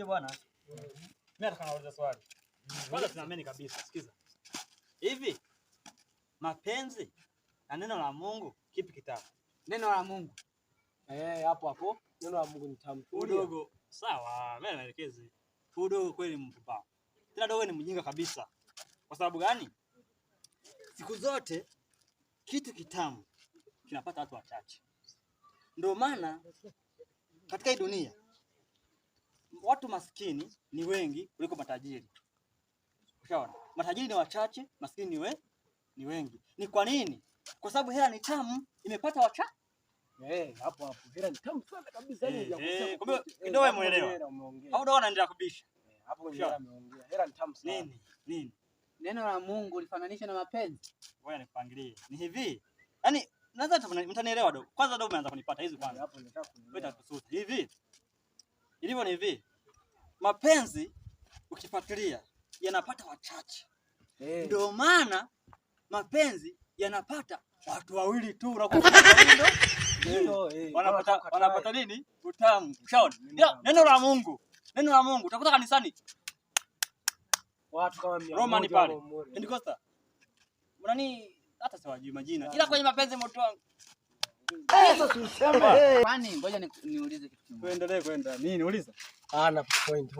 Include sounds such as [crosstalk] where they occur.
Niambie bwana. Mimi nataka nauliza swali. Kwanza tunaamini kabisa, sikiza. Hivi mapenzi na neno la Mungu kipi kitamu? Neno la Mungu. Eh, hapo hapo. Neno la Mungu ni tamu. Udogo. Sawa, mimi naelekeze. Udogo kweli mpumbavu. Tena dogo ni mjinga kabisa. Kwa sababu gani? Siku zote kitu kitamu kinapata watu wachache. Ndio maana katika hii dunia watu maskini ni wengi kuliko matajiri. Ushaona? Matajiri ni wachache, maskini we, ni wengi. Ni kwa nini? Kwa sababu hela ni tamu, imepata wacha Eh, hapo hapo. Hela ni tamu sana kabisa hiyo ya eh, kusema. Eh, ndio wewe muelewa. Au ndio anaendelea kubisha. Eh, hapo hela ameongea. Hela ni tamu sana. Nini? Nini? Neno la Mungu lifananisha na mapenzi. Wewe nipangilie. Ni hivi. Yaani nadhani mtanielewa dogo. Kwanza dogo umeanza kunipata hizi kwanza. Hapo nataka kunielewa. Hivi. Ilivyo ni hivi mapenzi ukifuatilia yanapata wachache hey. Eh. Ndio maana mapenzi yanapata watu wawili tu [laughs] eh. wanapata nini? Utamu. Shauri neno la Mungu, neno la Mungu utakuta kanisani watu kama Romani pale nani hata siwajui majina, yaani ila kwenye mapenzi moto wangu Kwani ngoja niulize kitu kimoja. kwenda. Mimi niuliza. Ana point.